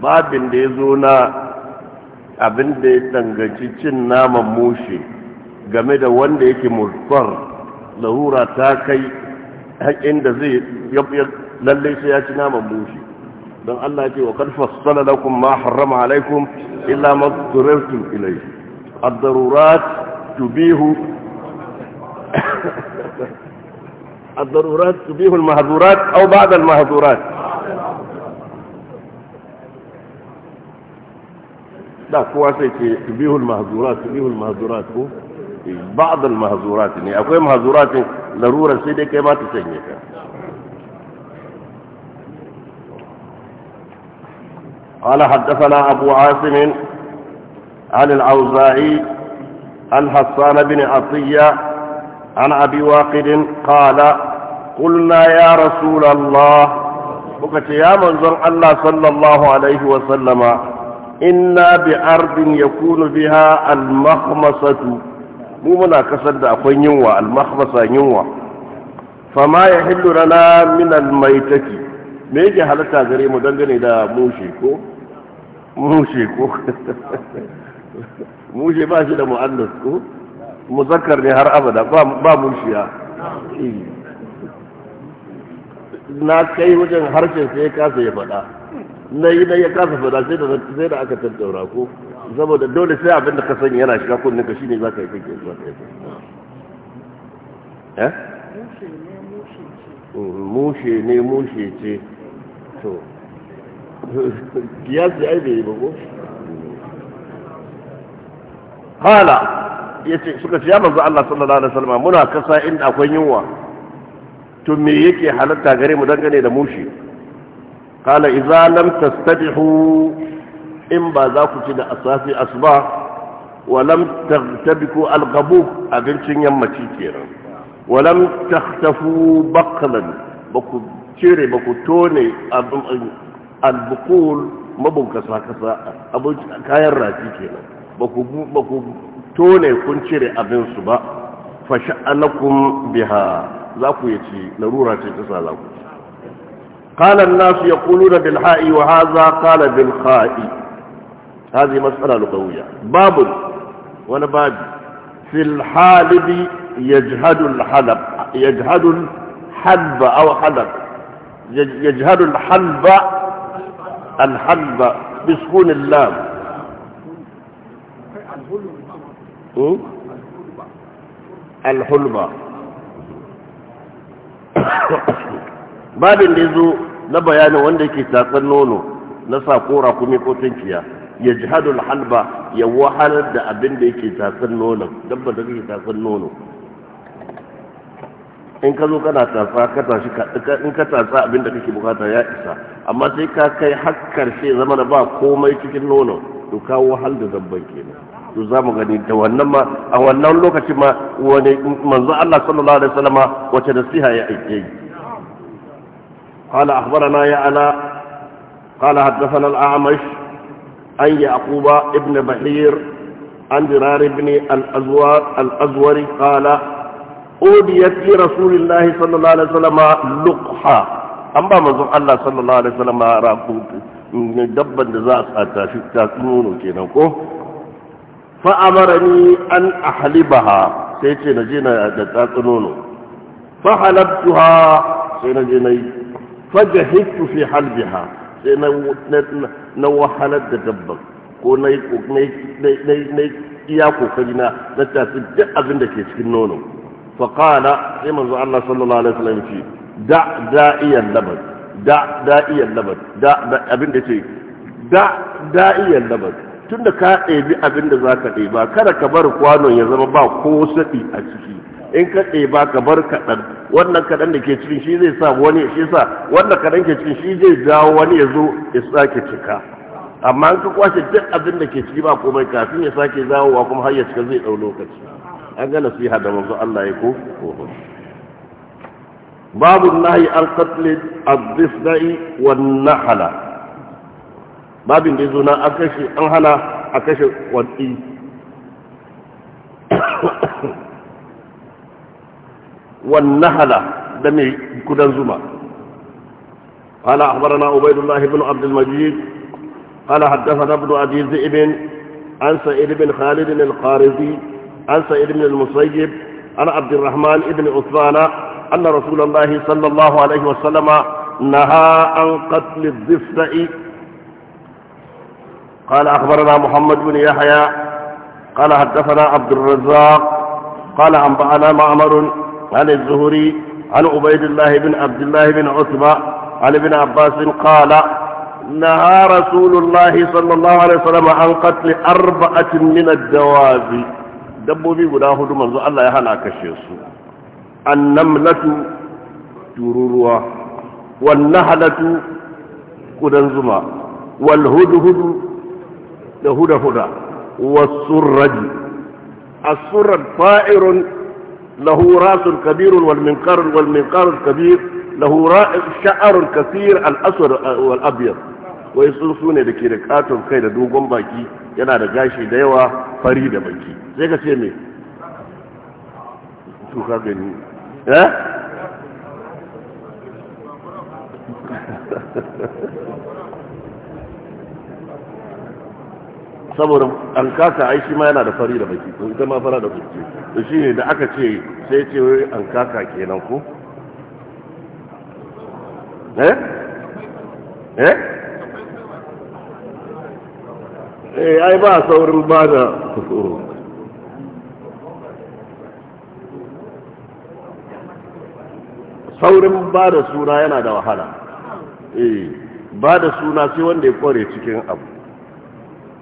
babin da ya zo na abin da ya tangaci cin naman mushe game da wanda yake mulkar lahura ta kai haƙin da zai lallai sai ya ci naman mushe don Allah ce wa kan fassala lakum ma harrama alaikum illa ma turartum ilayhi ad-darurat tubihu ad-darurat tubihu al-mahdhurat aw ba'da al-mahdhurat لا كواسي تبيه المهزورات تبيه المهزورات هو بعض المهزورات يعني أكو مهزورات ضرورة سيدة كما تسهنك قال حدثنا أبو عاصم عن الأوزاعي عن حسان بن عطية عن أبي واقد قال قلنا يا رسول الله بكت يا منظر الله صلى الله عليه وسلم inna bi ardin yakunu biha al-mahmasatu mu muna kasar da akwai yunwa al-mahmasa yunwa fama ya yahillu lana min almaitaki me yake halatta gare mu dangane da mushe ko mushe ko mushe ba shi da mu'annas ko muzakkar ne har abada ba mushiya eh. na kai wajen harshen sai ya kasa ya faɗa na yi ya kasa fada sai da sai da aka tattaura ko saboda dole sai abin da ka yana shiga kunnin ka shine ka yi kake zaka yi eh mushe ne mushe ce to kiyasi ai bai ba ko hala yace suka ce ya manzo Allah sallallahu alaihi wasallam muna kasa inda akwai yunwa to me yake halatta gare mu dangane da mushe kala idza lam tastadihu in ba za ku ci da asafi asuba wa lam taghtabiku abincin yammaci kenan wa lam takhtafu baqlan ba ku cire ba ku tone albukul mabunkasa kasa kayan rafi kenan ba ku tone kun cire abinsu ba fasha'alakum biha za ku yace larura ce ta sa za ku قال الناس يقولون بالحاء وهذا قال بالخاء هذه مسألة لغوية باب ولا باب في الحالب يجهد الحلب يجهد الحلب أو حلب يجهد الحلب الحلب بسكون اللام الحلبة باب اللي ذو na bayanin wanda yake tatsar nono na sako rakumi ko tunkiya ya jihadu halba ya wahalar da abin da yake tatsar nono dabba da yake tatsar nono in ka zo kana tatsa ka tashi in ka tatsa abin da kake bukata ya isa amma sai ka kai har karshe zama da ba komai cikin nono to ka wahal da dabban kenan to za mu gani da wannan ma a wannan lokacin ma wani manzo Allah sallallahu alaihi wasallama wace nasiha ya aike قال أخبرنا يعلى قال حدثنا الأعمش عن يعقوب ابن بحير عن درار بن الأزور الأزوري قال أوديت لرسول الله صلى الله عليه وسلم لقحة أما منظر الله صلى الله عليه وسلم راكوت دبا دزاس أتا في التاكنون كينوكو فأمرني أن أحلبها سيتي نجينا دتاكنون فحلبتها سينجينا fajahittu fi halbiha sai na wahalar da dabba ko na yi iya kokari na na tafi duk abin da ke cikin nono faƙala sai manzo Allah sallallahu alaihi wasallam ce da da'iyan labar da da'iyan labar da abin da ce da da'iyan labar tunda ka ɗebi abin da zaka ɗeba kada ka bar kwanon ya zama ba ko saɗi a ciki in ka ɗeba ka bar kaɗan wannan kaɗan da ke cikin shi zai sa wani shi sa wannan kaɗan ke cikin shi zai jawo wani ya zo ya sake cika amma an ka kwashe duk abin da ke ciki ba komai kafin ya sake dawowa kuma har ya cika zai ɗau lokaci an ga nasiha da manzo Allah ya ko babu nahi an qatl ad-difda'i wan nahala babin da yazo na an kashe an hana a kashe wadi والنهلة دمي كدن زما قال أخبرنا عبيد الله بن عبد المجيد قال حدثنا ابن أبي ذئب عن سعيد بن خالد القارزي عن سعيد بن المسيب عن عبد الرحمن بن عثمان أن رسول الله صلى الله عليه وسلم نهى عن قتل الضفدع قال أخبرنا محمد بن يحيى قال حدثنا عبد الرزاق قال أنبأنا معمر عن الزهري عن عبيد الله بن عبد الله بن عتبة عن ابن عباس قال نهى رسول الله صلى الله عليه وسلم عن قتل أربعة من الدواب دبوا في قداه هدو منذ الله يهانا كشيسو النملة تروروا والنهلة كدنزما والهدهد لهدهد والسرج السرج طائر له راس كبير والمنقار والمنقار الكبير له شعر كثير الأسود والأبيض wai ne da ke da katon kai da dogon baki yana da gashi da yawa fari da baki sai ka ce me saboda an kasa ai shi ma yana da fari da baki ko ita ma fara da baki to shine da aka ce sai ce wai an kasa kenan ko eh eh eh ai ba saurin ba da kusuru saurin ba da suna yana da wahala eh ba da suna sai wanda ya kware cikin abu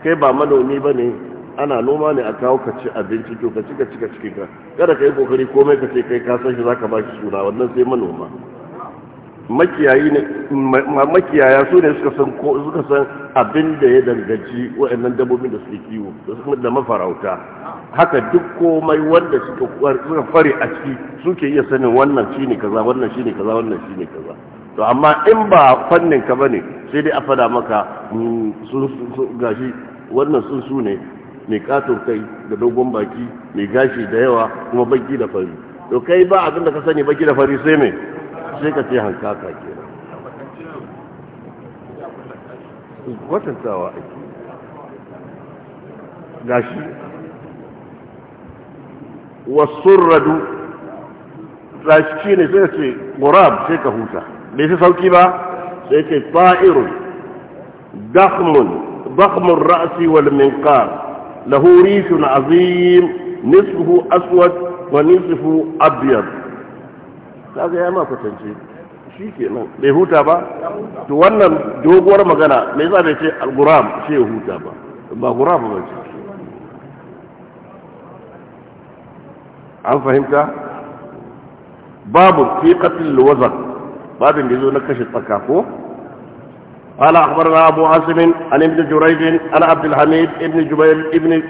kai ba manomi ba ne ana noma ne a kawo ka ci abinci to ka ci ka ci ka cikin ka kada ka yi kokari komai ka ce kai ka san shi za ka ba shi suna wannan sai manoma makiyaya su ne suka san abin da ya danganci wa'annan dabbobin da suke kiwo da mafarauta haka duk komai wanda suka fari a ciki suke iya sanin wannan shine kaza wannan shine kaza wannan shine kaza to amma in ba fannin ka bane sai dai a fada maka mm, sun gashi wannan sun su ne mai katon kai da dogon baki mai gashi da yawa kuma baki da fari to kai ba abin da ka sani baki da fari sai mai sai ka ce hankaka kenan kwatantawa ake gashi wasurradu rashi ne sai ce murab sai ka huta bai fi sauki ba sai ce fa'irun dakhmun ضخم الرأس والمنقار له ريش عظيم نصفه أسود ونصفه أبيض هذا يا ما كتنشي shi kenan bai huta ba to wannan doguwar magana mai za bai ce al-guram shi huta ba ba guram ba ce an fahimta babu fi qatil wazan babin da zo na kashe tsaka ko قال أخبرنا أبو عاصم عن ابن جريج عن عبد الحميد ابن جبير ابن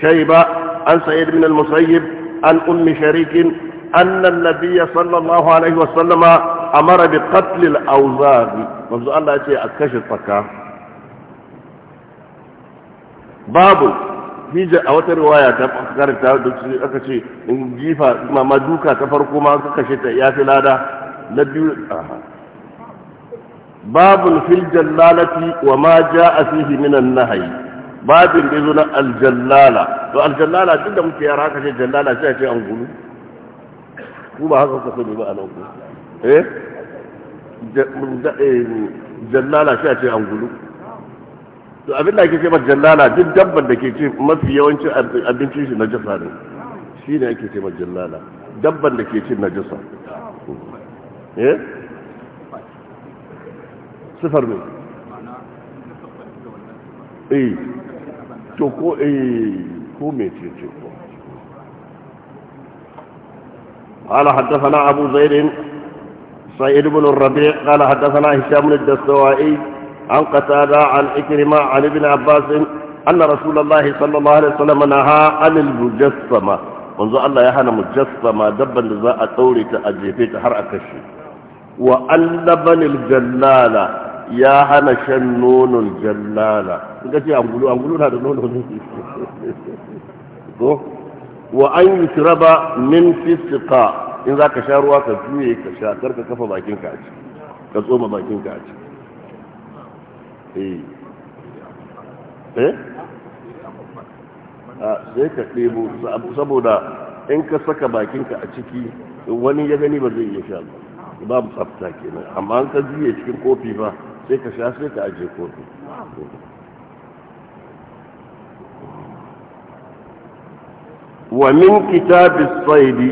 شيبة عن سعيد بن المسيب عن أم شريك أن النبي صلى الله عليه وسلم أمر بقتل الأوزار منذ الله يتي أكشفك باب في a wata riwaya ta karanta da aka ce in jifa ma duka ta farko ma ka باب fil الجلالة wa ma فيه من النهي باب بذن babin da جدا na aljallala to aljallala duk da muke yara kace jallala sai ce an gulu ku haka a eh? eh jallala to abin da ake ce mata jallala duk dabban da ke ce mafi yawancin abincin shi na jasa ne shi ne ake ce mata jallala dabban da ke na jasa eh sifar mai eh to ko eh ko mai ce ce ko قال حدثنا أبو زيد سيد بن الربيع قال حدثنا هشام الدستوائي عن قتادة عن إكرمة عن ابن عباس أن رسول الله صلى الله عليه وسلم نهى عن المجسمة منذ الله يهانا مجسمة دبا لزاء توري تأجيبيت حرأة الشيء وأن لبن الجلالة ya hana shan nonon jallala in ka ce angulu angulu na da nono ne wa an yushraba min fisqa in za ka sha ruwa ka juye ka sha kar ka kafa bakin ka ci ka tsoma bakin ka ci eh eh ah, sai ka ɗebo saboda in ka saka bakinka a ciki wani ya gani ba zai iya sha ba babu tsafta kenan amma an ka juye cikin kofi ba sai ka sha sai ka ajiye kofi wa min saidi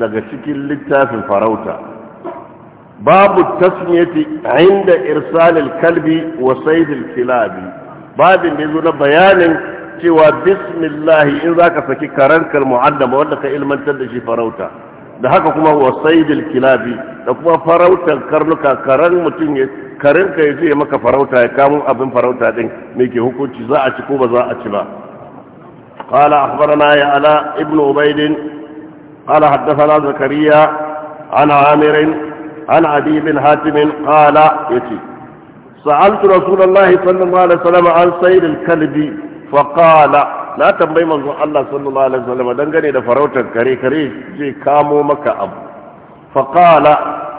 daga cikin littafin farauta babu tasmiyati inda irsalil kalbi wa saidil kilabi babin da zo na bayanin cewa bismillah in zaka saki karankar mu'addama wanda ka ilmantar da shi farauta da haka kuma wa saidil kilabi da kuma farautar karnuka karan mutum ya karin ka yace maka farauta ya kamo abin farauta din me ke hukunci za a ci ko ba za a ci ba qala akhbarana ya ala ibnu ubayd qala haddathana zakariya an amir an abi bin hatim qala yati sa'altu rasulullahi sallallahu alaihi wasallam an saidil kalbi fa qala na tambayi manzon Allah sallallahu alaihi wasallam dangane da farautar kare kare zai kamo maka abu fa qala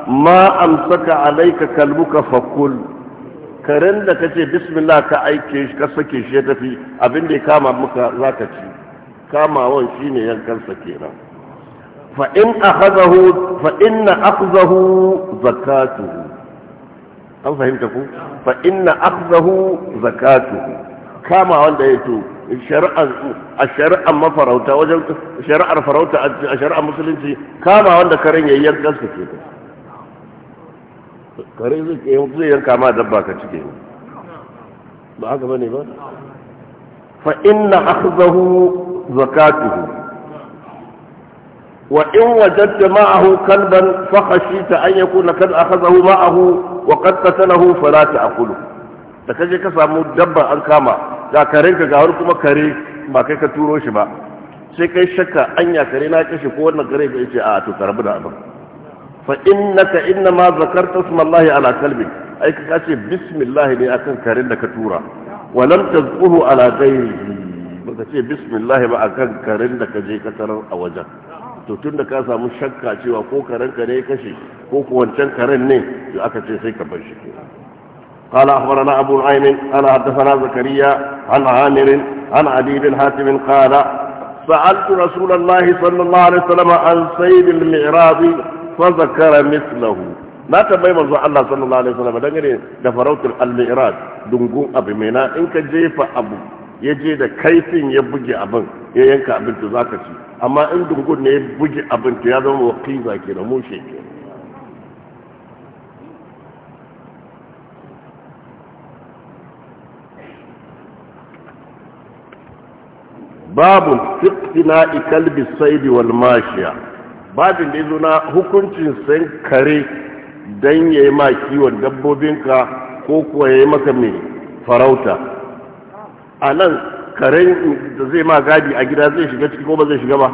ma amsaka alayka kalbuka kul karen da kace bismillah ka aike shi ka sake shi ya tafi abin da ya kama maka zaka ci kamawan shine yankan sa kenan fa in akhadahu fa inna akhadahu zakatuhu an fahimta ku fa inna akhadahu zakatuhu kama wanda ya to shari'ar mafarauta wajen shari'ar farauta a shari'ar musulunci kama wanda karen ya yi yankan su ke kare zai yanka ma dabba ka cike ba haka bane ba fa inna akhdahu zakatuhu wa in wajadta ma'ahu kalban fa khashita an yakuna kad akhadahu ma'ahu wa qad qatalahu fala ta'kulu da kaje ka samu dabba an kama ga karen ka gawar kuma kare ba kai ka turo shi ba sai kai shakka anya kare na kashe ko wannan kare bai ce a to karbu da abin fa innaka inna ma zakarta smallahi ala kalbi ai ka ce bismillah ne akan karen da ka tura wa lam tazquhu ala ba ka ce bismillah ba akan karen da ka je ka tarar a wajen to tun da ka samu shakka cewa ko karen ka ne kashe ko ko wancan karen ne to aka ce sai ka bar shi قال أخبرنا أبو نعيم أنا حدثنا زكريا عن عامر عن عدي بن حاتم قال سألت رسول الله صلى الله عليه وسلم عن سيد المعراض فذكر مثله لا تبين مرزو الله صلى الله عليه وسلم دنجري دفروت المعراض دنقوم أبي ميناء إنك جيف أبو يجد كيف يبجي أبن ينكا بنت ذاكتي أما إن دنقوم يبجي أبن تياذا وقيزا كينا موشي كينا babu fiqtina kalbi saidi wal mashiya babin da na hukuncin san kare don ya yi ma kiwon dabbobinka ko kuwa ya yi maka mai farauta A nan, karen da zai ma gadi a gida zai shiga ciki ko ba zai shiga ba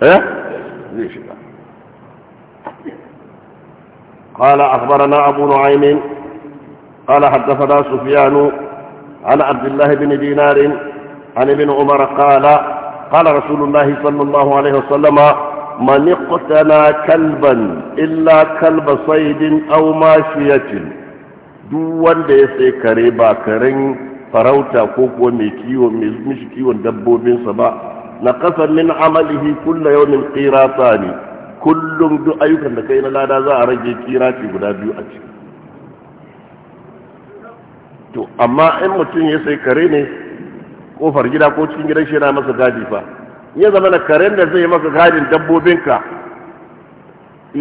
eh zai shiga قال أخبرنا أبو نعيم قال حدثنا سفيان عن عبد الله بن دينار عن ابن عمر قال قال رسول الله صلى الله عليه وسلم من اقتنى كلبا إلا كلب صيد أو ماشية duk wanda ya sai kare ba karen farauta ko kuwa mai kiwon mai mishi kiwon dabbobinsa ba na kasa min amalihi kulla ne kullum duk ayyukan da kai na lada za a rage kirati guda biyu a ciki to amma in mutum ya sai kare ne kofar gida ko cikin gidan shi yana masa gadi fa ya zama na karen da zai maka gadin dabbobinka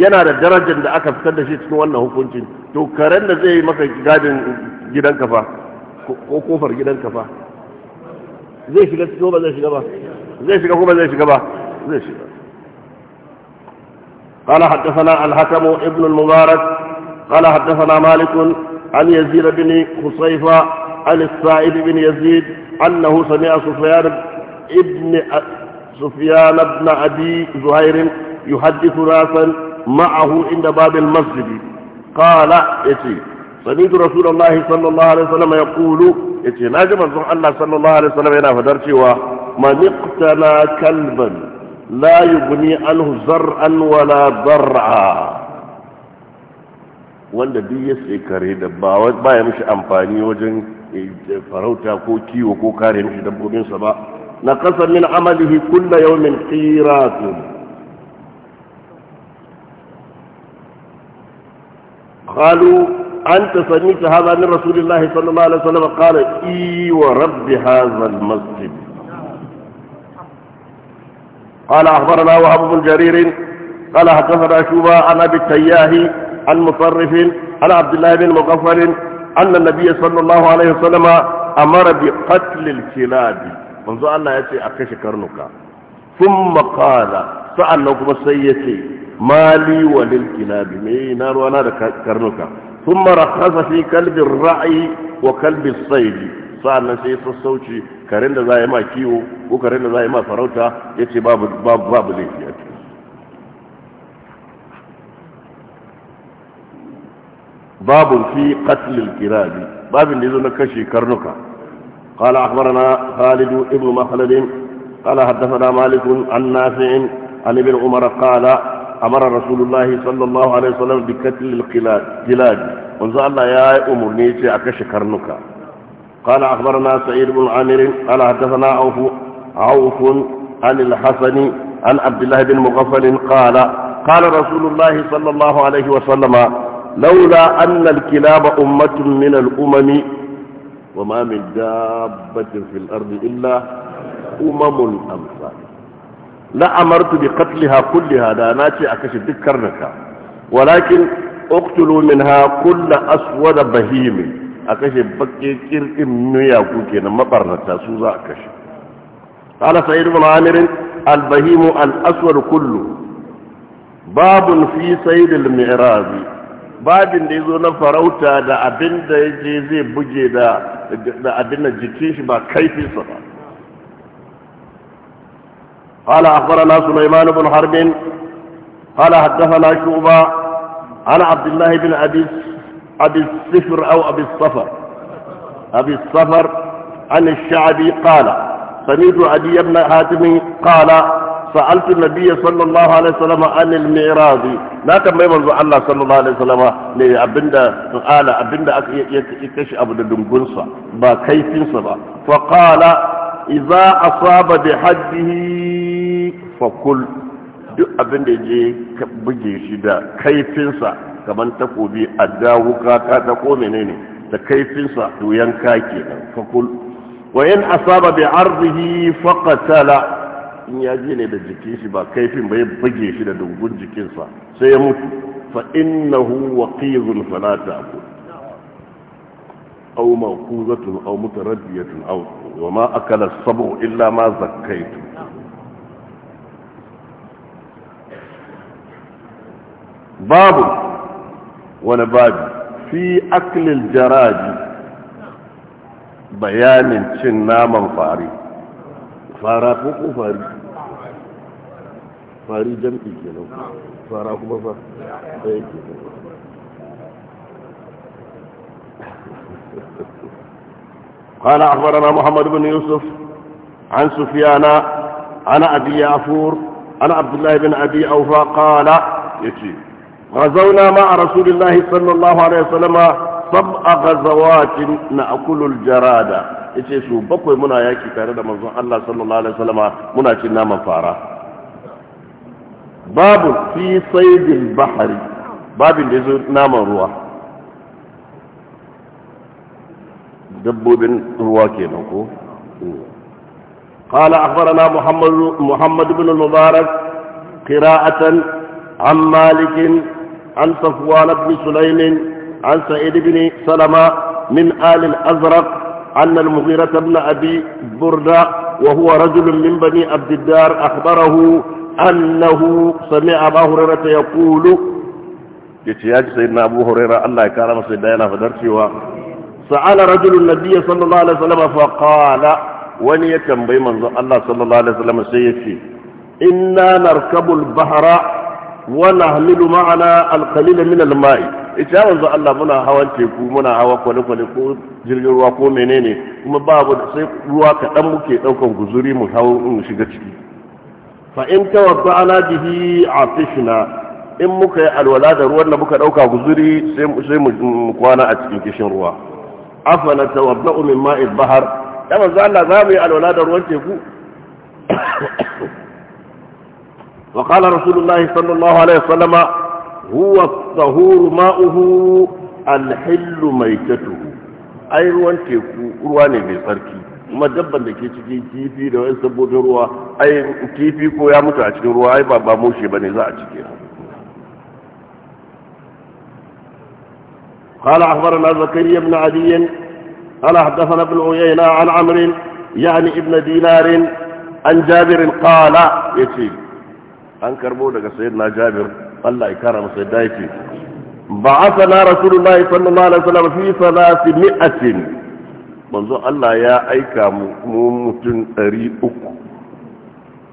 yana da darajar da aka fitar da shi cikin wannan hukuncin to karen da zai maka gadin gidanka fa ko kofar gidanka fa zai shiga ko ba zai shiga ba zai shiga ko ba zai shiga ba zai shiga قال حدثنا الحكم ابن المبارك قال حدثنا مالك عن يزيد بن خصيفة عن السائب بن يزيد أنه سمع سفيان ابن سفيان بن أبي زهير يحدث ناسا معه عند باب المسجد قال يتي سمعت رسول الله صلى الله عليه وسلم يقول يتي ناجم الله صلى الله عليه وسلم هنا فدرتي من اقتنى كلبا لا يغني عنه زرعا ولا ضرعا wanda duk ya sai kare da ba ya mishi amfani wajen farauta ko kiwo ko kare dabbobinsa ba na min amalihi kulla قالوا أنت سمعت هذا من رسول الله صلى الله عليه وسلم قال إي ورب هذا المسجد قال أخبرنا وهب بن جرير قال حدثنا شوبا عن أبي التياه عن مصرف عن عبد الله بن مغفر أن النبي صلى الله عليه وسلم أمر بقتل الكلاب منذ الله يأتي أكش كرنك ثم قال سألكم سيتي ما لي وللكلاب نار وانا كرنك ثم رخص في كلب الرعي وكلب الصيد سأل sai ya sassauci karen da za a yi ma kiwo باب باب da za a babun fi katilil kirabi babin da ya na kashe karnuka kala akwarana halidu ibu mahalarin kala haddasa malikun an nafi'in alibin umara kala amara rasulullahi sallallahu alaihi wasallam bi katilil kilabi wanzu allah ya yi umarni ce a kashe karnuka kala akwarana sa'id bin amirin kala na aufu aufun anil an abdullahi bin mukaffalin kala kala rasulullahi sallallahu alaihi wasallama لولا أن الكلاب أمة من الأمم وما من دابة في الأرض إلا أمم الأمثال لأمرت بقتلها كلها لا ناتي أكشف ذكرنك ولكن اقتلوا منها كل أسود بهيم أكشف بكي كير إمنيا كوكينا مقرنتا سوزا أكشف قال سيد بن عامر البهيم الأسود كله باب في سيد المعراضي babin da ya zo na farauta da abin da ya je zai buge da abin da jikin shi ba kaifinsa ba قال أخبرنا سليمان بن حرب قال حدثنا شعبة عن عبد الله بن أبي أبي الصفر أو أبي الصفر أبي الصفر عن الشعبي قال سمعت أبي بن حاتم قال sa'altu nabiyya sallallahu alaihi wasallam anil mi'raj na tambayi manzo Allah sallallahu alaihi wasallam ne abinda ala abinda aka iya kashi abu da dungunsa ba kaifinsa ba fa qala idza asaba bi haddihi fa kul duk abinda je ka buge shi da kaifinsa kaman takobi adda wuka ka ta ko menene da kaifinsa to yanka kenan fa kul wa in asaba bi ardihi faqatala in ya je ne da jikin shi ba kaifin ba ya buge shi da dungun jikinsa sai ya mutu fa innahu waqizun fala ta'kul aw mawquzatun aw mutaraddiyatun aw wa ma akala as-sab'u illa ma zakkaytu babu wani babu fi aklil jaraji bayanin cin naman fari fara ko fari fari jam’i ke nan fara kuma fa da yake kwana a fara na muhammadu bin yusuf an sufiya na ana abi ya fur ana abdullahi bin abi aufa kala ya ce ma zauna ma a rasulullahi sallallahu alaihi wasallama sab a gazawacin na akulul jarada ya ce su bakwai muna yaki tare da mazun allah sallallahu alaihi wasallama muna cin naman fara babu fi saidin bahari babin da ya zo naman ruwa dabbobin ruwa kenan ko قال أخبرنا محمد, محمد بن المبارك قراءة عن مالك عن صفوان بن سليم عن سعيد بن سلمة من آل الأزرق أن المغيرة بن أبي بردة وهو رجل من بني عبد الدار أخبره أنه سمع أبا هريرة يقول يتياج سيدنا أبو هريرة الله يكرم سيدنا يلا فدرسي و سأل رجل النبي صلى الله عليه وسلم فقال وني يتنبي من الله صلى الله عليه وسلم سيدي إنا نركب البحر ونحمل معنا القليل من الماء ita wanzu Allah muna hawan teku muna hawa kwale-kwale ko jirgin ruwa ko menene kuma babu sai ruwa kaɗan muke ɗaukan guzuri mu hau in shiga ciki fa in tawadda'na bihi afishna in muka yi alwala da ruwan da muka dauka guzuri sai mu kwana a cikin kishin ruwa afana tawadda'u min ma'il bahar ya manzo Allah za mu yi alwala da ruwan teku wa qala rasulullahi sallallahu alaihi wasallam huwa at-tahur ma'uhu al-hillu maytatuhu ai ruwan teku ruwa ne mai tsarki madabban da ke cikin kifi da wani ruwa ai kifi ko ya mutu a cikin ruwa ai ba ba mushe ba ne za a cike قال أخبرنا زكريا بن عدي قال حدثنا ابن عيينة عن عمرو يعني ابن دينار عن جابر قال يتي عن كربو سيدنا جابر الله يكرم سيدنا بعثنا رسول الله صلى الله عليه وسلم في ثلاثمائة Banzu Allah ya aika mu mutum 300 uku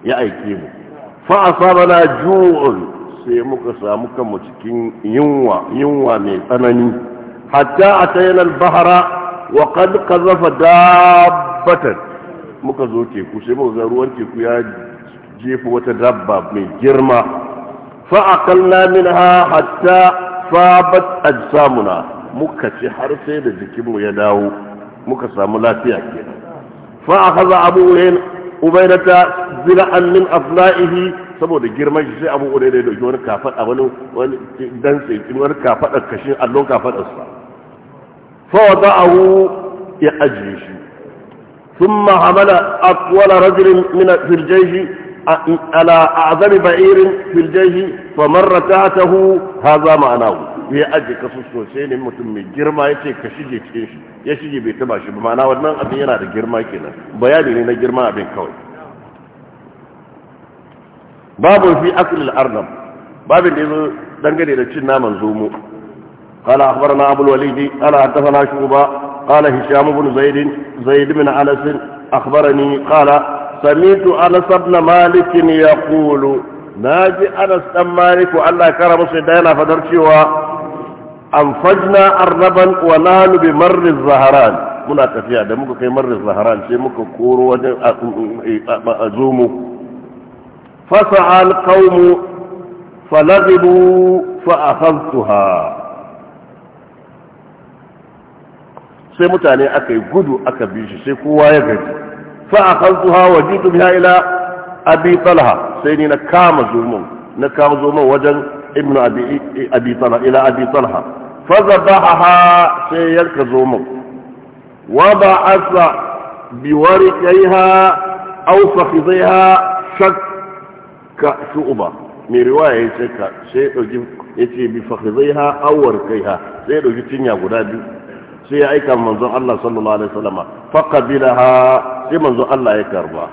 ya aike mu fa'asabana ju'un sai muka samu kanmu cikin yunwa yunwa mai tsanani hatta atayna al-bahra wa qad qazzafa dabbatan muka zo teku sai muka ga ruwan teku ya jefa wata dabba mai girma fa aqalna minha hatta fabat ajsamuna muka ci har sai da jikinmu ya dawo muka samu lafiya kenan fa a haza abu ubaidata zira'an min afla'ihi saboda girman shi sai abu ubaida da dauki wani kafada wani wani dan sai wani kafada kashin allon kafadar sa fa wada'ahu ya ajiye shi sun thumma hamala aqwala rajulin min fil jaysh ala a'zami ba'irin fil shi fa marra tahtahu ma'ana ma'anahu ya ajiye kasu sosai ne mutum mai girma ya ce ka shige cikin shi ya shige bai taba shi ba ma'ana wannan abin yana da girma kenan bayani ne na girma abin kawai babu fi aklil arnab babu da yazo dangane da cin naman zomo قال أخبرنا أبو الوليد قال حدثنا شعبة قال hisham بن زيد زيد بن أنس أخبرني قال سمعت أنس بن na ji anas dan maliku allah kara musu da yana fadar cewa anfajna arnaban wa nahnu bi marri zaharan muna tafiya da muka kai marri zaharan sai muka koro wani azumu fasaha alqawmu falaghibu fa akhadtuha sai mutane aka yi gudu aka bi shi sai kowa ya gaji fa akhadtuha wa jitu biha ila abi talha sai ni na kama zumun na kama zumun wajen ibnu abi abi talha ila abi talha فذبحها سيك زومك وبعث بورقيها أو فخذيها شك كشؤبة من رواية شك سيدوجي يتي بفخذيها أو ورقيها سيدوجي تنيا قدابي سيأيك منظر الله صلى الله عليه وسلم فقبلها سي منظر الله يكربها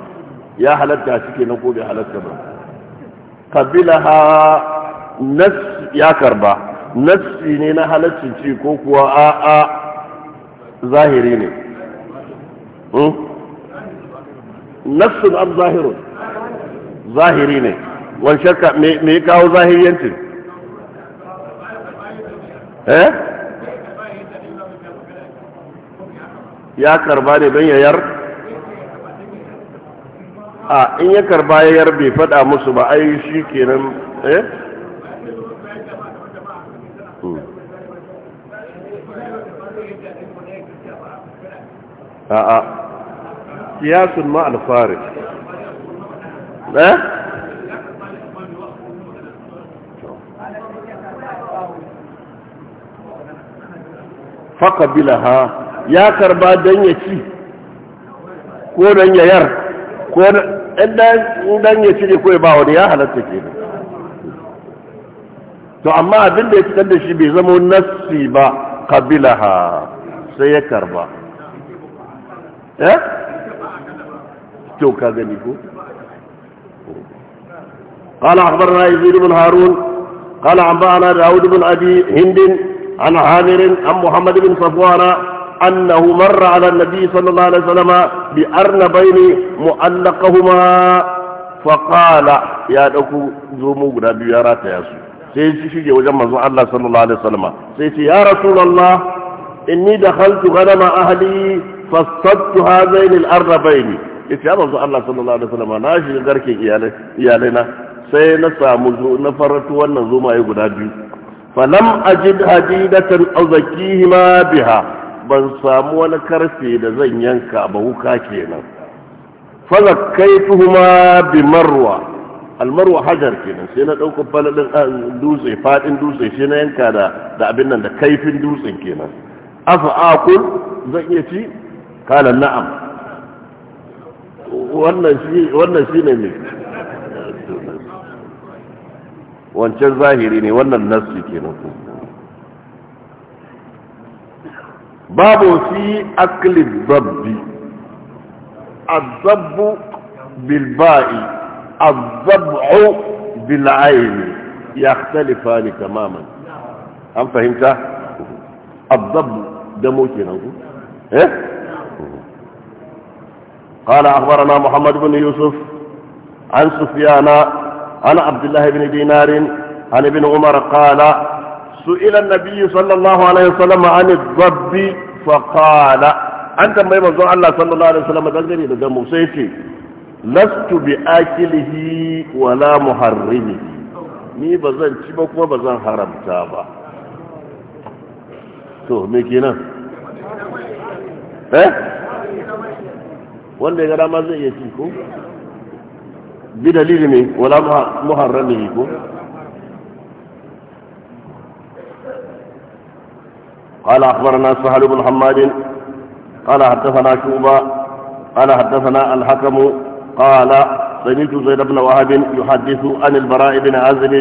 يا حلتها شكي نقول يا حلتها قبلها نفس يا كربا nassi ne na halaccin ci ko kuwa a'a zahiri ne hmm? nassin am zahiru zahiri ne wani shakka me kawo zahiriyanci eh ya karba ne don yayar a in ya karba yayar bai fada musu ba ai shi kenan eh a'a kiyasun ma alfari eh faƙabilaha ya karba don ya ci ko don ya yar ko don ya ci ne ko ya ba wani ya halatta ke to amma abin da ya fitar da shi bai zama nassi ba ƙabilaha sai ya إيه؟ قال أخبرنا يزيد بن هارون قال أنبأنا داود بن أبي هند عن عامر عن محمد بن صفوان أنه مر على النبي صلى الله عليه وسلم بأرنبين مؤلقهما فقال يا دكو زومو غدا بيارات ياسو سيشي وجمع الله صلى الله عليه وسلم سيشي يا رسول الله inni da haltu ahali ahli fassattu hazaini al-arbaini yace ya manzo Allah sallallahu alaihi wasallam na shiga garkin iyalai na sai na samu na faratu wannan zomaye guda biyu falam ajid hadidatan ma biha ban samu wani karfe da zan yanka ba wuka kenan fa zakkaituhuma bi marwa almarwa hajar kenan sai na ɗauka faladin dutse faɗin dutse sai na yanka da da abin nan da kaifin dutsen kenan afa akul zan iya ci kala na'am wannan shi ne mai wancan zahiri ne wannan nassi kenan babu fi akli zabbi الضب بالباء الضبع بالعين يختلفان تماما هم فهمت الضب دمو كينا إيه؟ قال أخبرنا محمد بن يوسف عن سفيان عن عبد الله بن دينار عن ابن عمر قال سئل النبي صلى الله عليه وسلم عن الضب فقال أنت ما يمزون الله صلى الله عليه وسلم تنزلي لدمو سيتي lastu bi akilihi wala muharrimihi ni bazan ci ba kuma bazan haramta ba to me kenan eh wanda ya gada dama zai iya ci ko bi dalili ne wala muharram ne ko قال أخبرنا سهل بن حماد قال حدثنا شوبا قال حدثنا الحكم قال سمعت زيد بن وهب يحدث عن البراء بن عازب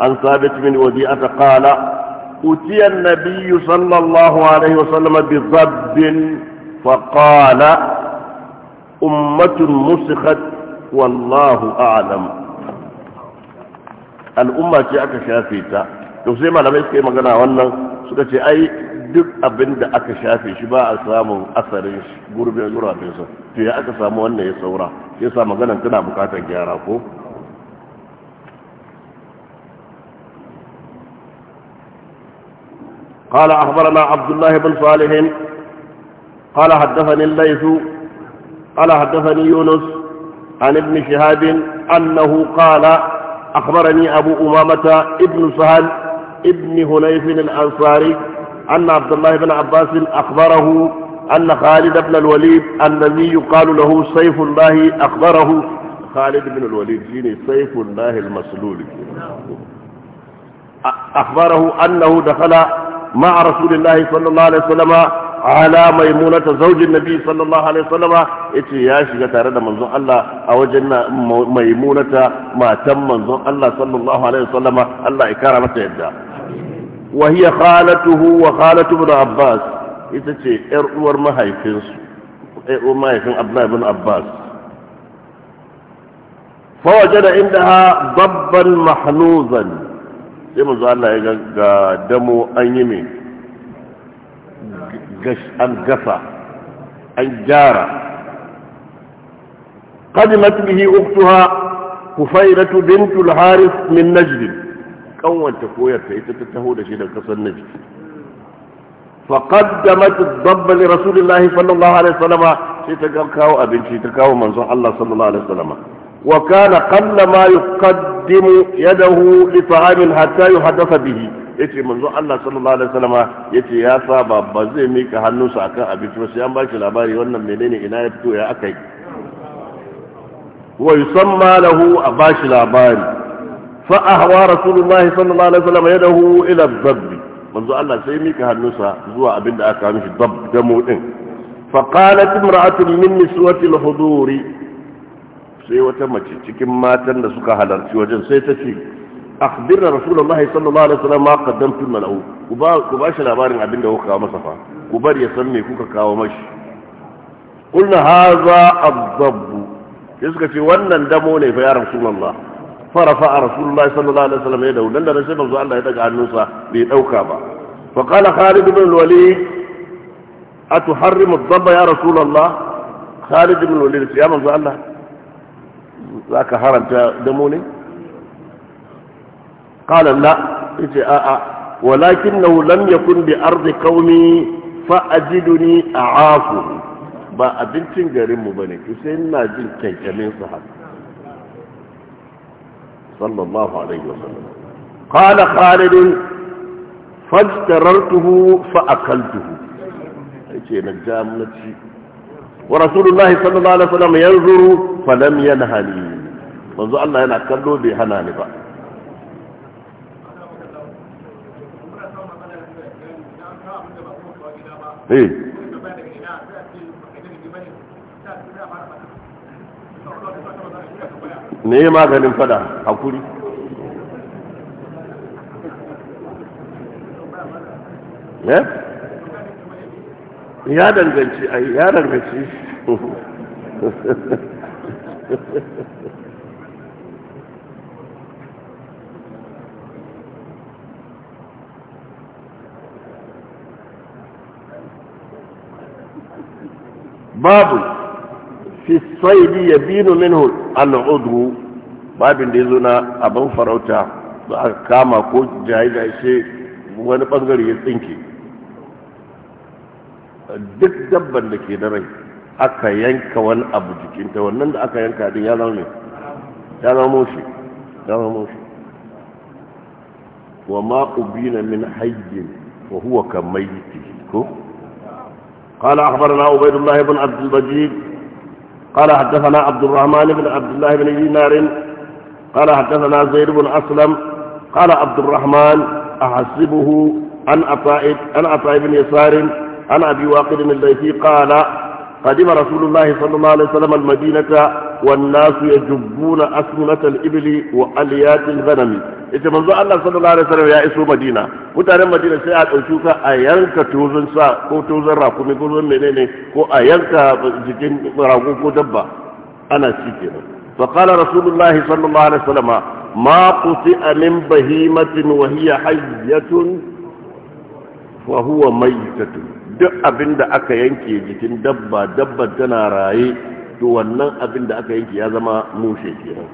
عن ثابت بن وديعة قال أتي النبي صلى الله عليه وسلم بضب فقال أمة مسخت والله أعلم الأمة جاءك شافيتا يوسف ما لم يسكي مغنى وانا سكتي أي duk abin da aka shafe shi ba a samun asarin gurbin gurabinsa to ya aka samu wannan ya saura ya sa tana bukatar gyara ko قال أخبرنا عبد الله بن صالح قال حدثني الليث قال حدثني يونس عن ابن شهاب أنه قال أخبرني أبو أمامة ابن سهل ابن هنيف الأنصاري أن عبد الله بن عباس أخبره أن خالد بن الوليد الذي يقال له سيف الله أخبره خالد بن الوليد جيني سيف الله المسلول أخبره أنه دخل مع رسول الله صلى الله عليه وسلم على ميمونة زوج النبي صلى الله عليه وسلم يتي يا شيخ تارد منظر الله أوجنا ميمونة ما تم منظر الله صلى الله عليه وسلم الله إكرامة يدى وهي خالته وخالة ابن عباس يتي إرور ما هيفنس إرور ما هيفن أبناء ابن عباس فوجد عندها ضبا محنوظا sai manzo Allah ya ga damo an yi mai an gasa an gyara qadimat bihi uktuha kufairatu bintul haris min najd kanwanta koyarta ita ta taho da shi daga kasar najd فقدمت الضب لرسول الله صلى الله عليه وسلم sai ta kawo abinci ta kawo manzon Allah sallallahu alaihi wasallam وكان قل ما يقدم يده لطعام حتى يحدث به yace manzo Allah sallallahu alaihi wasallam yace ya saba ba zai mika hannunsa akan abinci ba sai an baki labari wannan menene ina ya fito ya akai wa yusamma lahu a bashi labari fa ahwa rasulullah sallallahu alaihi wasallam yadahu ila dhabb manzo Allah sai mika hannunsa zuwa abinda aka mishi dhabb da mudin fa qalat imra'atun min niswati al-huduri sai wata mace cikin matan da suka halarci wajen sai ta ce akhbirna rasulullahi sallallahu alaihi wasallam ma qaddamtu lahu ku ba ku ba shi labarin abin da kuka masa fa ku bar ya san me kuka kawo mashi qulna hadha adhabb sai suka ce wannan damo ne fa ya rasulullah fa rafa rasulullahi sallallahu alaihi wasallam ya عليه dan يده لن رسول الله الله يدق عن نوسى بيدوكا با فقال خالد بن الوليد أتحرم الضب يا ya rasulullah khalid بن walid ya manzo Allah za ka haramta damo ne ƙalan ita ce a'a walakin na lam yakun bi arzi kaumi fa'ajiduni a afu ba abincin garinmu ba ne sai na jin kyankyamin su haka sallallahu alaihi wasallam qala khalid fajtarartuhu fa akaltuhu yace na jam na ci wa rasulullahi sallallahu alaihi wasallam yanzuru falam yanhani manzo Allah yana kallo bai hana ni ba ne eh. yi maganin fada hakuri eh? ya danganci ya danganci babu في الصيد ya منه minhu باب babin da ya zo na abin farauta جاي aka kama ko jayi wani bangare ya duk dabban da ke da rai aka yanka wani abu jikinta wannan da aka yanka din ya zama ne ya zama shi ya zama shi wa ma ubina min hayyin wa huwa kamayyiti ko قال أخبرنا عبيد الله بن عبد المجيد قال حدثنا عبد الرحمن بن عبد الله بن دينار قال حدثنا زيد بن أسلم قال عبد الرحمن أحسبه عن عطاء عن عطاء بن يسار عن أبي واقد الليثي قال قدم رسول الله صلى الله عليه وسلم المدينة والناس يجبون أسمنة الإبل وأليات الغنم yace manzo Allah sallallahu alaihi wasallam ya iso Madina mutanen Madina sai a dauki ka a yanka tozun sa ko tozon rakumi ko tozon menene ko a yanka jikin rago ko dabba ana ci kenan fa qala rasulullah sallallahu alaihi wasallam ma quti'a min bahimatin wa hiya hayyatun wa huwa maytatun duk abin da aka yanke jikin dabba dabba tana raye to wannan abin da aka yanke ya zama mushe kenan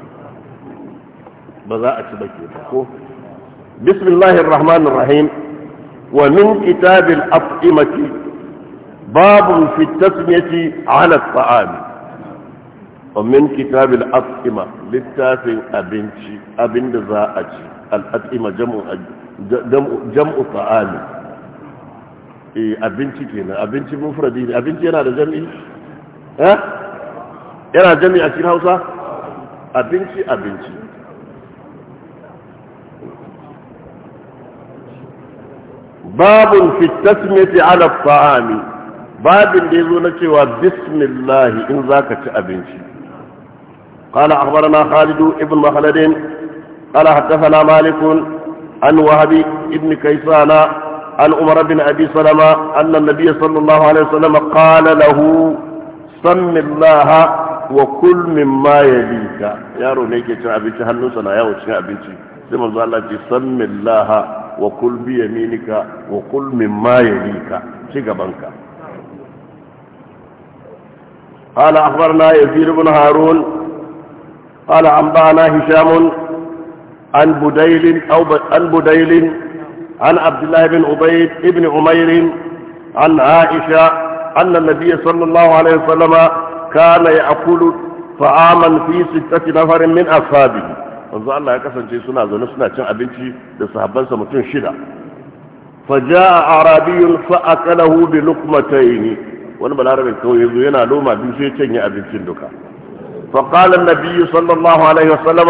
بذاءك بكيتك بسم الله الرحمن الرحيم ومن كتاب الأطئمة باب في التسمية على الطعام ومن كتاب الأطئمة للتاسم أبنشي أبن بذاءك الأطئمة جمع, جمع, جمع طعام أبنش كنا أبنش مفردين أبنش أنا لجمعي ها؟ أنا جمعي أكين هوسا أبنشي أبنشي باب في التسمية على الطعام باب اللي سوى بسم الله إن ذاك تأبنش قال أخبرنا خالد ابن مخلد قال حدثنا مالك عن وهب ابن كيسان عن عمر بن أبي سلمة أن النبي صلى الله عليه وسلم قال له سم الله وكل مما يليك يا رونيك يا أبنتي هل نسنا يا وشنا أبنتي الله سم الله وكل بيمينك وكل مما يليك kul mimma قال أخبرنا يزيد بن هارون قال أنبأنا هشام عن بديل أو عن بديل عن عبد الله بن عبيد بن عمير عن عائشة أن النبي صلى الله عليه وسلم كان يأكل طعاما في ستة نفر من أصحابه manzo Allah ya kasance suna zaune suna cin abinci da sahabbansa mutum shida fa akalahu bi بلقمتين wani balarabe kawai yazo yana loma biyu sai canye abincin duka faƙalar nabiyyu sallallahu alaihi wasallam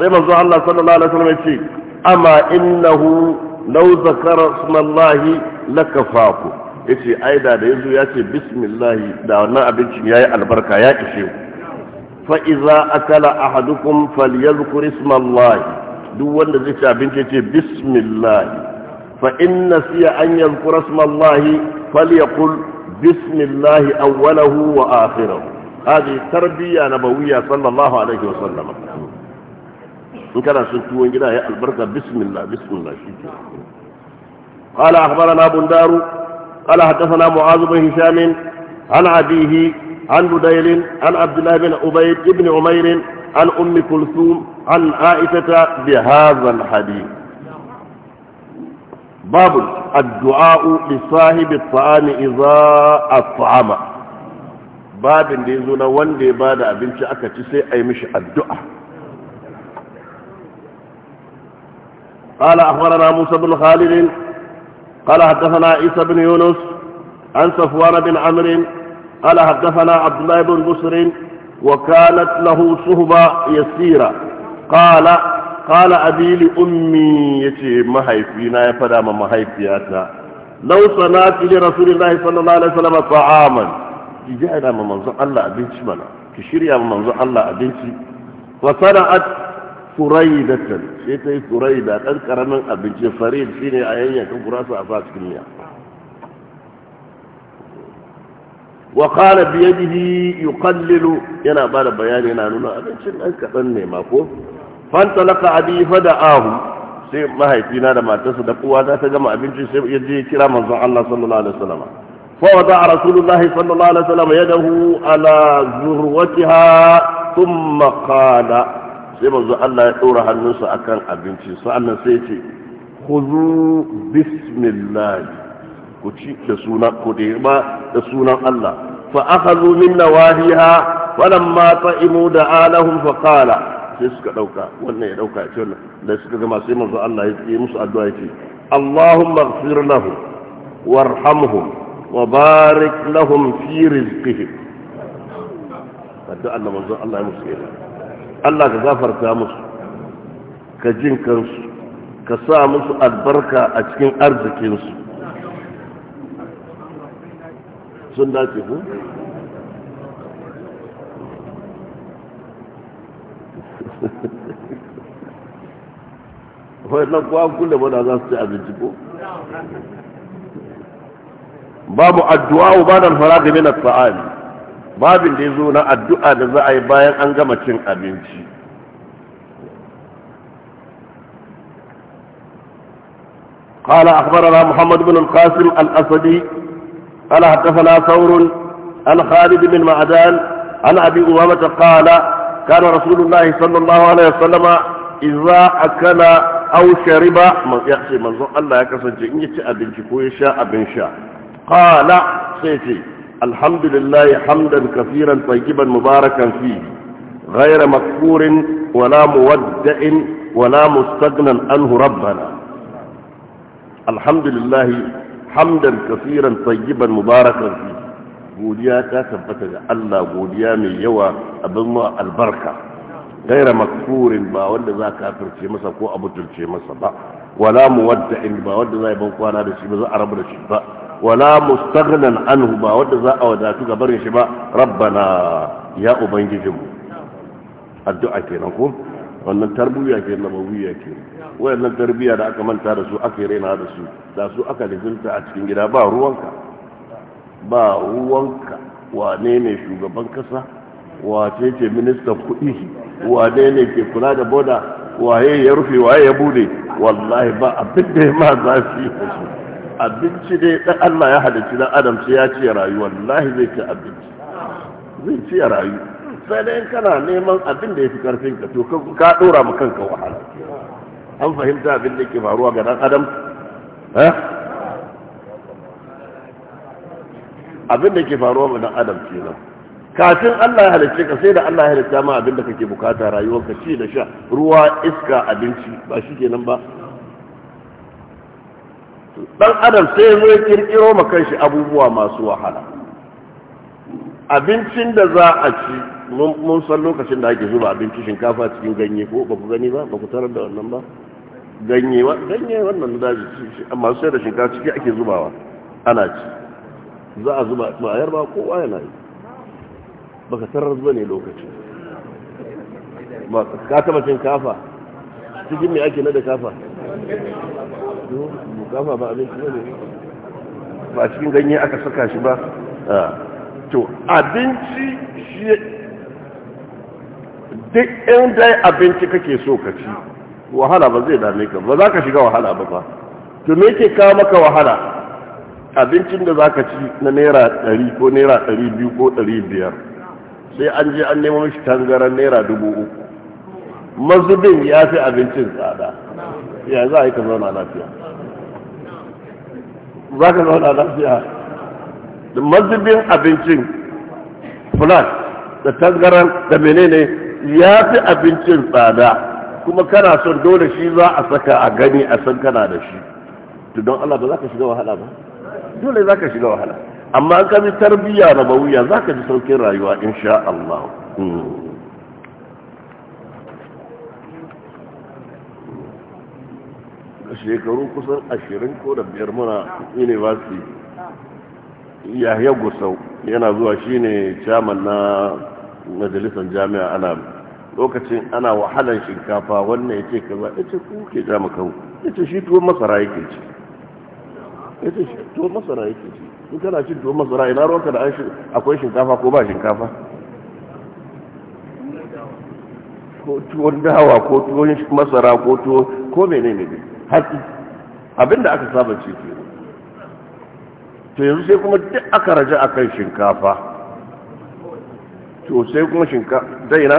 sai manzo Allah sallallahu alaihi wasallam ce amma innahu law zakara smallahi lakafaku yace aida da yazo ya ce bismillah da wannan abincin yayi albarka ya kishe ku فإذا أكل أحدكم فليذكر اسم الله دون ذلك بنتي بسم الله فإن نسي أن يذكر اسم الله فليقل بسم الله أوله وآخره هذه تربية نبوية صلى الله عليه وسلم إن كان سنتوين كده يا البركة بسم الله بسم الله شكرا قال أخبرنا بندار قال حدثنا معاذ بن هشام عن أبيه عن بديل عن عبد الله بن عبيد بن عمير عن أم كلثوم عن عائشة بهذا الحديث باب الدعاء لصاحب الطعام إذا أطعم باب ديزونا وان دي بادا بنش أكتي سي أي مش الدعاء قال أخبرنا موسى بن خالد قال حدثنا عيسى بن يونس عن صفوان بن عمرو قال حدثنا عبد الله بن بسر وكانت له صهبة يسيرة قال قال أبي لأمي يتي مهيفينا يفدا من مهيفياتنا لو صنعت لرسول الله صلى الله عليه وسلم طعاما جعل من منظر الله أبنتي منا كشريا من منظر الله أبنتي وصنعت فريدة شيء فريدة أذكر من أبنتي فريد شيني أيين كبراسة أفاس كمية wa qala bi yadihi yuqallilu yana bada bayani yana nuna abincin dan kadan ne ma ko fantalaka abi ahu sai mahaifina da matarsa da kowa ta gama abinci sai ya je kira manzon Allah sallallahu alaihi wasallam fa wada rasulullah sallallahu alaihi wasallam yadahu ala zurwatiha thumma qala sai manzon Allah ya dora hannunsa akan abinci sa'annan sai ce khudhu bismillah ku ci da suna ku nema da sunan Allah fa akhadhu min nawahiha falamma ta'imu da lahum fa qala sai suka dauka wannan ya dauka ce wannan da suka gama sai manzo Allah ya yi musu addu'a yake Allahumma ighfir lahum warhamhum wa barik lahum fi rizqihim addu'a Allah manzo Allah ya musu kenan Allah ka gafarta musu ka jin kansu ka sa musu albarka a cikin arzikinsu sun dace ku wai nan kuwa kulle mana za su ci abinci ko babu addu'a wa ba da faraga min as-sa'ali babin da yazo na addu'a da za a yi bayan an gama cin abinci قال أخبرنا محمد بن القاسم الأسدي قال حدثنا ثور عن خالد بن معدان عن أبي أمامة قال كان رسول الله صلى الله عليه وسلم إذا أكل أو شرب من يقصي من الله يكسن جئنية أبن شكويشا أبن شا قال سيتي الحمد لله حمدا كثيرا طيبا مباركا فيه غير مكفور ولا مودع ولا مستغنى عنه ربنا الحمد لله hamdan kafiran tayyiban mubarakan fi godiya ta tabbata ga Allah godiya mai yawa abin ma albarka gaira makfurin ba wanda za ka kafirce masa ko a abutulce masa ba wala in ba wanda za a ban kwana da shi ba za a rabu da shi ba wala mustaghnan anhu ba wanda za a wadatu ga barin shi ba rabbana ya ubangijinmu addu'a kenan ko wannan tarbiyya ke nabawiyya ke wayannan tarbiyya da aka manta da su aka rena raina da su da su aka lifinta a cikin gida ba ruwanka ba ruwanka wane ne shugaban kasa wace ce ministan kuɗi wane ne ke kula da boda waye ya rufe waye ya bude wallahi ba abin da ya ma zafi da su abinci dai dan Allah ya halicci dan adam sai ya ce rayu wallahi zai ci abinci zai ci rayu sai dai kana neman abin da ya fi karfin ka to ka dora ma kanka wahala an fahimta abin da ke faruwa ga dan adam eh? abin da ke faruwa ga dan adam kenan kafin Allah ya halicce ka sai da Allah ya halicce ma abin da kake bukata rayuwarka ci da sha ruwa iska abinci ba shi kenan ba dan adam sai ya kirkiro ma kanshi abubuwa masu wahala abincin da za a ci mun san lokacin da ake zuba abinci shinkafa cikin ganye ko ba ku gani ba ba ku tarar da wannan ba ganye ganye wannan da daji amma sai da shinkafa ciki ake zubawa ana ci za a zuba ba a yarba kowa yana yi ba ka tarar zuwa ne lokacin ba ka taba shinkafa cikin mai ake na da kafa kafa ba abinci ba ne ba cikin ganye aka saka shi ba ah. to abinci shi duk inda abinci kake so ka ci wahala ba zai dame ka ba za ka shiga wahala ba ba to me ke kawo maka wahala abincin da za ka ci na naira ɗari ko naira ɗari biyu ko ɗari biyar sai an je an nemo mishi tangaren naira dubu uku mazubin ya fi abincin tsada ya za a yi ka zauna lafiya za ka zauna lafiya da mazubin abincin flat da tangaran da menene ya fi abincin tsada kuma kana son dole shi za a saka a gani a san kana da shi to don Allah ba za ka shiga wahala ba dole za ka shiga wahala amma an kami tarbiyya da bawuya za ka ji saukin rayuwa insha Allah hmm. shekaru kusan ashirin ko da biyar muna university yahya gusau yana zuwa shine chairman na majalisar jami'a ana lokacin ana wahalan shinkafa wannan yace kaza yace ku ke jama kanku yace shi tuwon masara yake ci yace shi tuwon masara yake ci in kana cin tuwon masara ina ruwanka da akwai shinkafa ko ba shinkafa ko tuwon dawa ko tuwon masara ko tuwon ko menene ne hatsi abinda aka saba ce kenan to yanzu sai kuma duk aka raja a kan shinkafa to sai kuma shinkafa zai na?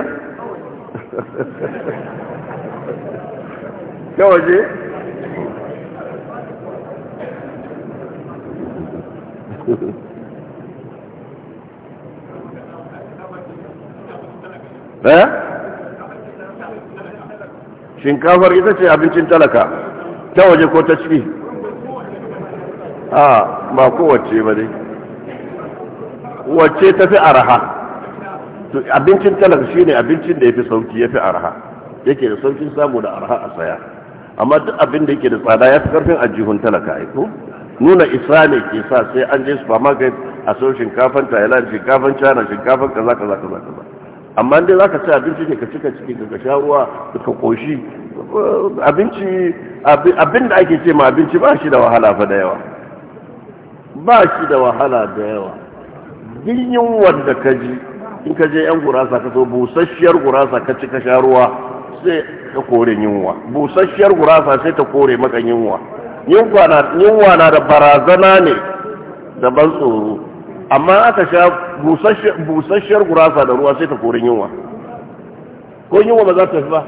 ta waje? eh? shinkafar ita ce abincin talaka ta waje ko ta ciki? ah ba kowace ba dai wacce ta fi araha to abincin talaka shine abincin da ya fi sauki ya fi araha yake da saukin samu da araha a saya amma duk abin da yake da tsada ya fi karfin ajihun talaka aiko nuna isa ne ke sa sai an je supermarket a sau shinkafan thailand shinkafan china shinkafan kaza kaza kaza kaza amma dai zaka ci abinci ne ka cika ciki ka sha ruwa ka koshi abinci abin da ake ce ma abinci ba shi da wahala fa da yawa ba shi da wahala da yawa duk yunwar da ka ji in ka je yan gurasa ka so busasshiyar gurasa ka ci ka sha ruwa sai ka kore yunwa busasshiyar gurasa sai ta kore maka yunwa yunwa na da barazana ne da ban tsoro amma aka sha busasshiyar gurasa da ruwa sai ta kore yunwa ko yunwa ba za ta fi ba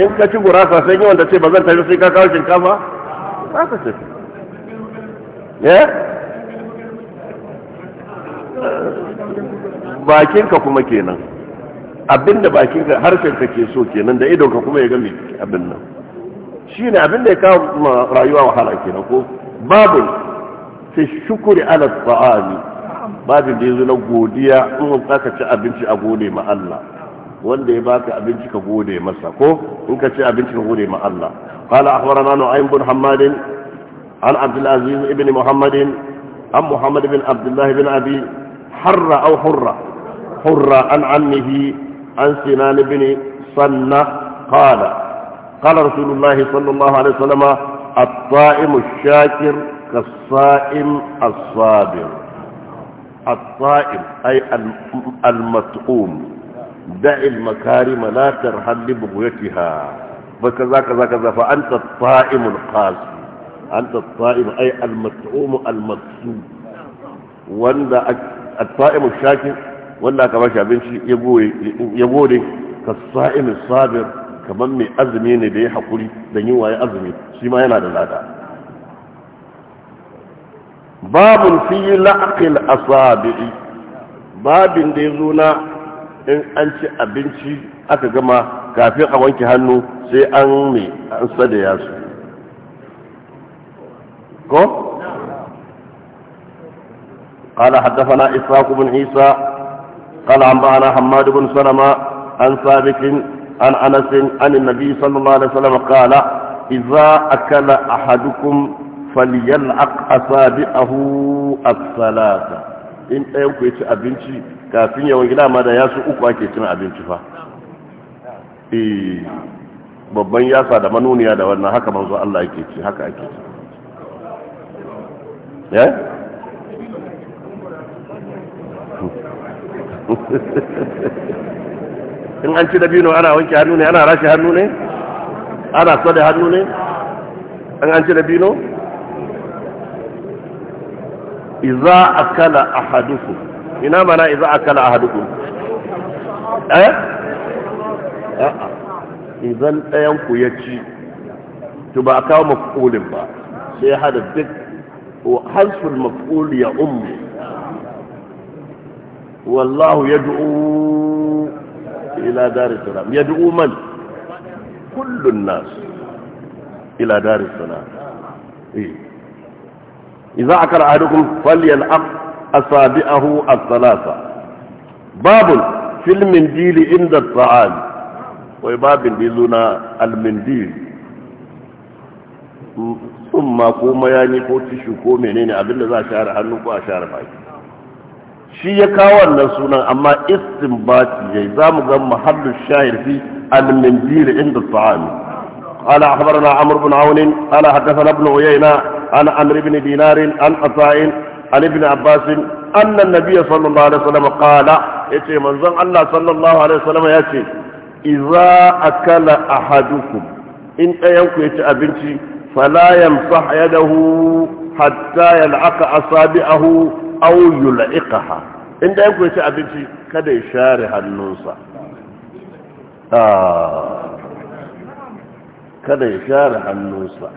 in ka ci gurasa sai yunwa da ce ba zan tafi sai ka kawo shinkafa za ka tafi eh? bakinka kuma kenan abinda bakinka harshenka ke so kenan da idonka kuma ya gami abin nan shi ne abinda ya kawo rayuwa wahala kenan ko babu fi shukuri ala ta'ami babin da yanzu na godiya in ka ci abinci a gode ma Allah wanda ya baka abinci ka gode masa ko in ka ci abinci ka gode ma Allah qala akhbarana nu'aym bin hammad an abdul aziz ibn muhammad an muhammad bin abdullah bin abi حر أو حرة حرة عن عمه عن سنان بن صنة قال قال رسول الله صلى الله عليه وسلم الطائم الشاكر كالصائم الصابر الطائم أي المطعوم دع المكارم لا ترحل لبغيتها وكذا كذا كذا فأنت الطائم القاسي أنت الطائم أي المطعوم المقصود وأنت at-ta'im ash wanda aka bashi abinci ya gode ka sa'im sabir kamar mai azumi ne da ya hakuri da yin waye azumi shi ma yana da lada babun fi la'aqil asabi'i babin da yazo na in an ci abinci aka gama kafin a wanke hannu sai an mai da sada yasu ko قال حدثنا إسحاق بن عيسى قال أنبأنا حماد بن سلم عن ثابت عن أنس عن النبي صلى الله عليه وسلم قال إذا أكل أحدكم فليلعق أصابعه الثلاثة إن أيوكو يتي أبنتي كافين يوان إلا ماذا ياسو أكو أكي يتنا أبنتي فا babban yasa da manuniya da wannan haka manzo Allah yake ci haka ake ci eh in an ci dabino ana wanke hannu ne ana rashe hannu ne ana da hannu ne an an ci dabino iza akala ahadukum ina mana iza akala ahadukum eh a'a idan ɗayan ku ya ci to ba a kawo mafulin ba sai hada duk hansul maful ya ummu والله يدعو إلى دار السلام يدعو من كل الناس إلى دار السلام إيه؟ إذا أكر أحدكم فليلعق أصابعه الثلاثة باب في المنديل عند الطعام وباب بيزنا المنديل ثم قوم يعني قوتي شكومي نيني أبدا ذا شارع حنوكو أشهر باكي shi ya kawo wannan sunan amma istin ba ci yai za mu ga mahallu shahir fi al-mimbir inda ta'ami qala akhbarana amr ibn awn qala hadathana ibn uyayna an amr ibn dinar an asain an ibn abbas anna an-nabiy sallallahu alaihi wasallam qala yace manzon allah sallallahu alaihi wasallam yace idza kala ahadukum in ɗayanku ya ci abinci fala yamsah yadahu hatta yal'aqa asabi'ahu aw yul'iqaha in da yake ci abinci kada ya share hannunsa kada ya share hannunsa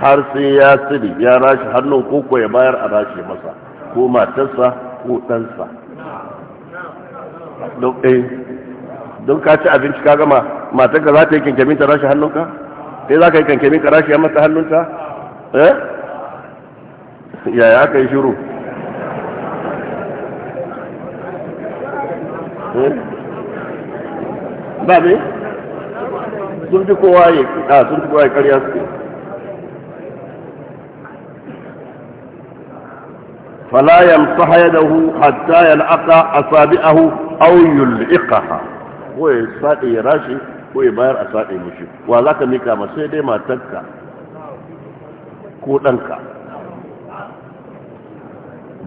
har sai ya tsiri ya rashi hannun koko ya bayar a rashe masa ko matarsa ko ɗansa don ka ci abinci ka gama Matanka za ta yi kyankyamin ta rashi hannunka sai za ka yi kyankyamin ka rashi mata hannunta eh yaya aka yi shiru eh? ba me sun fi kowa ya a sun fi kowa ya karya suke فلا يمسح يده حتى يلعق أصابعه أو يلعقها ya rashi. ko ya bayar a saɗe mushi wa za ka mika ma sai dai matanka ko ɗanka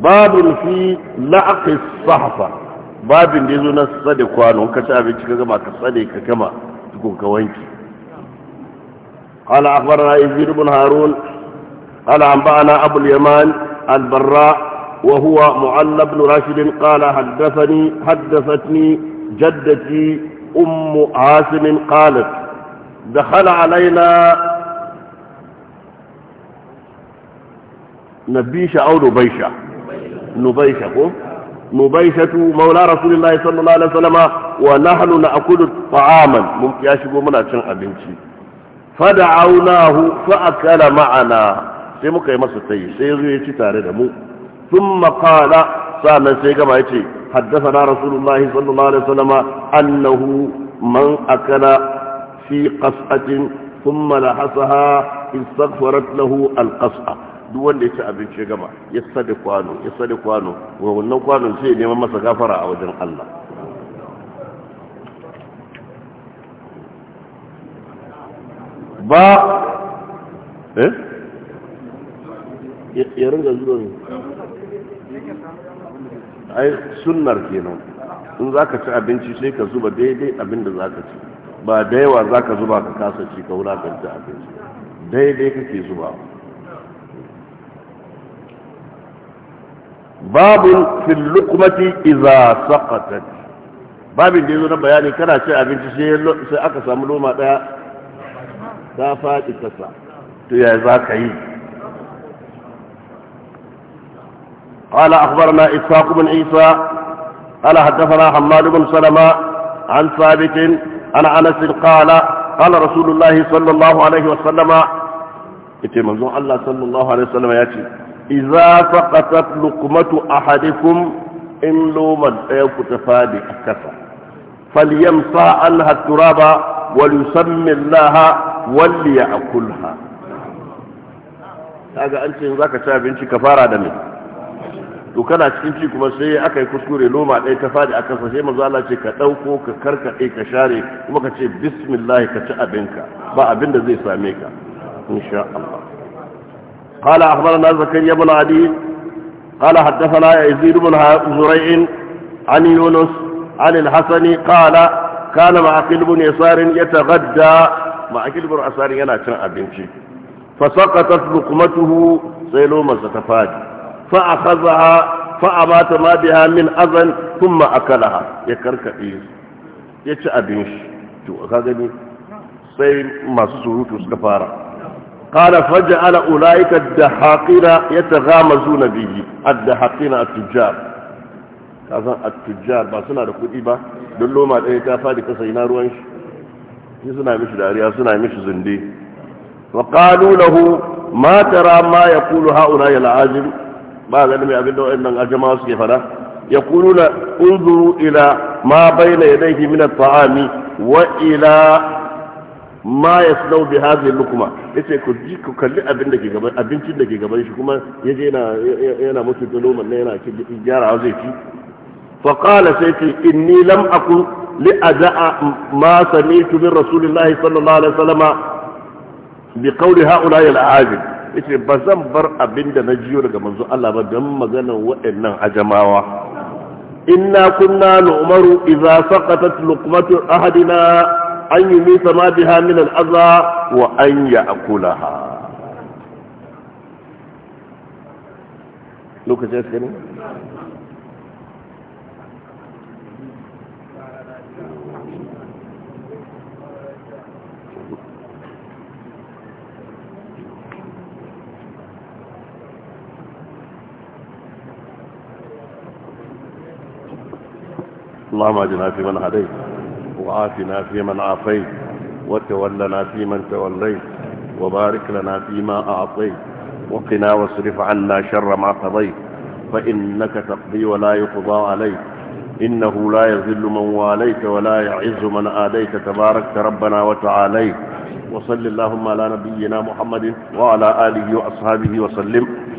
babin fi la'aƙi sahafa babin da ya zo na tsade kwano ka ci abinci ka gama ka tsade ka gama tukun ka wanki قال أخبرنا يزيد بن هارون قال أنبأنا أبو اليمان البراء وهو معل بن راشد قال حدثني حدثتني جدتي أم عاصم قالت دخل علينا نبيشة أو نبيشة نبيشة نبيشة مولى رسول الله صلى الله عليه وسلم ونحن نأكل طعاما ممكن شبو منا شن أبنشي فدعوناه فأكل معنا سيمو muka yi masa tayi sai ya zo sa'annan sai gama yace haddathana rasulullahi sallallahu alaihi wasallam annahu man akala fi qas'atin thumma lahasaha istaghfarat lahu alqas'a duk wanda yace abinci gama ya sadi kwano ya sadi kwano wannan kwano sai neman masa gafara a wajen Allah ba eh ya ringa zuwa ne ai sunnar kenan in zaka ci abinci sai ka zuba daidai abin da zaka ci ba da yawa zaka zuba ka kasa ci ka ci abinci daidai kake zuba babun fil luqmati idza saqatat babin da yazo na bayani kana ci abinci sai aka samu loma daya ta faɗi kasa to ya za ka yi قال أخبرنا إسحاق بن عيسى قال حدثنا حماد بن سلمة عن ثابت عن أنس قال قال رسول الله صلى الله عليه وسلم يتمنى الله صلى الله عليه وسلم يأتي إذا سقطت لقمة أحدكم إن لوم الأيوك تفادي أكثر فليمسى عنها التراب وليسمي الله وليأكلها kaga an ce za ka ci abinci ka fara da mai to kana cikin ci kuma sai aka yi kuskure loma ɗaya ta fadi akan sa sai manzo Allah ce ka ɗauko ka karkaɗe ka share kuma ka ce bismillah ka ci abinka ba abin da zai same ka insha Allah قال أخبرنا زكريا بن عدي قال حدثنا يزيد بن زريع عن يونس عن الحسن قال كان معقل بن يسار يتغدى معقل بن يسار ينا كان sai فسقطت لقمته ta faɗi. فأخذها فأمات ما بها من أذن ثم أكلها يكرك إيه يتأبنش تو أخذني سي مسوط سكفارة قال فجعل أولئك الدحاقين يتغامزون به الدحاقين التجار كذا التجار ما سنة لكل إبا دلو ما الإيه تافادي كسينا روانش يسنا مش داريا سنا مش زندي وقالوا له ما ترى ما يقول هؤلاء العاجم ba a ganin mai abin da wa'annan aljama suke fada yaquluna unzuru ila ma bayna yadayhi min at-ta'ami wa ila ma yasnau bi hadhihi lukma yace ku ji ku kalli abincin da ke gaban shi kuma yaje yana yana musu doloman ne yana gyara zai ci fa qala sayti inni lam akun li da'a ma sami'tu min rasulillahi sallallahu alaihi wasallam bi qawli ha'ula'i al-aajil yace ba zan bar abin da na jiyo daga manzo Allah ba don maganar waɗannan ajamawa inna kunna lu'maru idza saqatat luqmatu ahadina an yumita ma biha min al'adha wa an ya'kulaha lokacin اللهم اجنا في من هديت وعافنا في من عافيت وتولنا في من توليت وبارك لنا فيما أعطيت وقنا واصرف عنا شر ما قضيت فإنك تقضي ولا يقضى عليك إنه لا يذل من واليت ولا يعز من آديت تبارك ربنا وتعاليت وصل اللهم على نبينا محمد وعلى آله وأصحابه وسلم